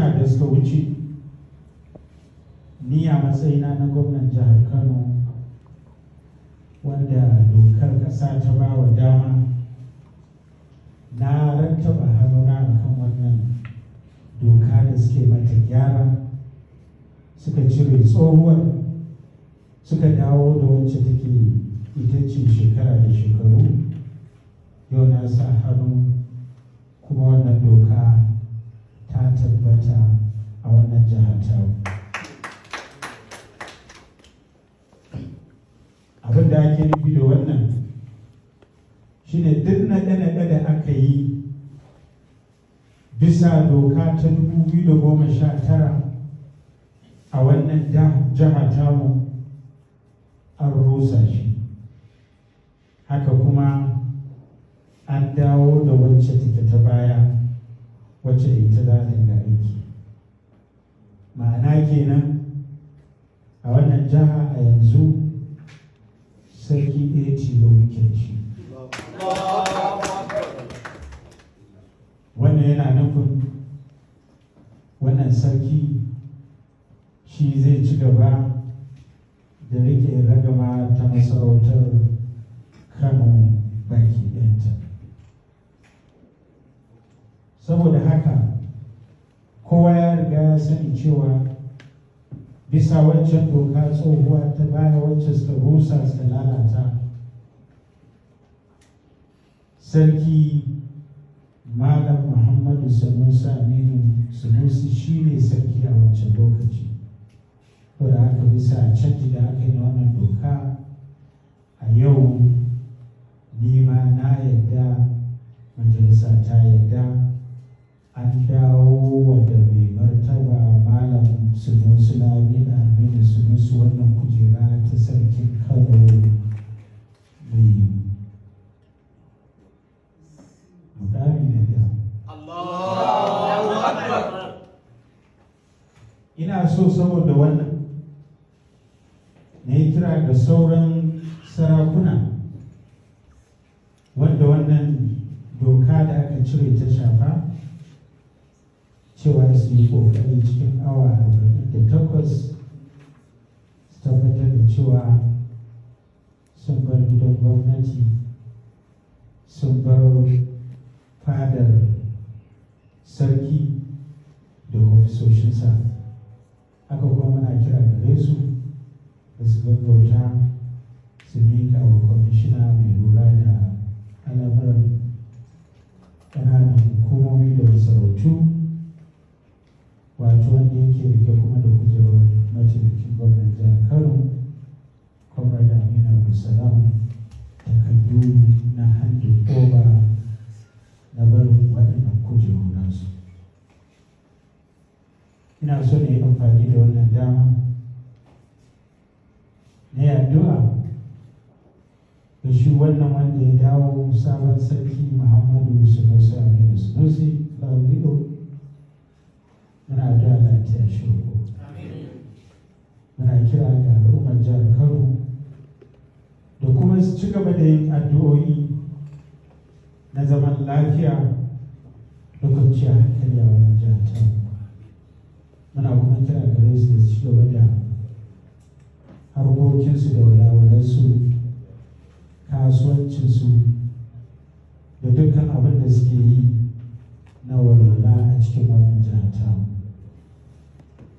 kwamishina da suka wuce ni a matsayina na gwamnan jihar kano wanda dokar ƙasa ta bawa dama na rattaba hannuna a kan wannan doka da suke mata gyara suka cire tsohuwar suka dawo da wacce take ita shekara da shekaru yau na sa hannu kuma wannan doka ta tabbata a wannan jihar ta abin da ake nufi da wannan Shi ne duk na naɗe da aka yi bisa doka ta 2019 a wannan jiha tamu an rusa shi haka kuma an dawo da wancan take ta baya wacce ita za ta gare ki ma'ana kenan a wannan jiha a yanzu sarki ɗaya ba muke shi wannan yana nufin wannan sarki shi zai ci gaba da rike ragama ta masarautar kano baki ɗanta saboda cewa bisa wancan doka tsohuwa ta baya wancan suka rusa suka lalata sarki malam muhammadu sanusa aminu sanusi shi ne sarki a wancan lokaci to da aka bisa canji da aka yi wannan doka a yau nima na yadda majalisa ta yadda an dawo wadda mai martaba malam sunusu lamina aminu sunusu wannan kujera ta sarkin kano mai mukami na biya ina so saboda wannan na yi kira ga sauran sarakuna wanda wannan doka da aka cire ta shafa cewa su yi ƙoƙari cikin awa arba'in da takwas su tabbatar da cewa sun bar gidan gwamnati sun bar fadar sarki da ofisoshinsa aka kuma a kira gare su da su gaggauta su miƙa wa kwamishina mai lura da alamar ƙananan hukumomi da masarautu salam takardu na hannun koba na bar waɗannan kujeru nasu ina so ne amfani da wannan dama na yaduwa da shi wannan wanda ya dawo sabon sarki muhammadu sunusi aminu sunusi laurido muna addu'a lafiya shirko muna kira ga al'ummar jihar kano ci gaba da yin addu'o'i na zaman lafiya da kwanciya hankali a wannan jihar ta muna kuma kira gare su da ci gaba da harkokinsu da walawalansu kasuwancinsu da dukkan abin da suke yi na walwala a cikin wannan jihar ta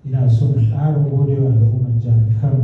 ina so na ƙara godewa da al'ummar jihar kano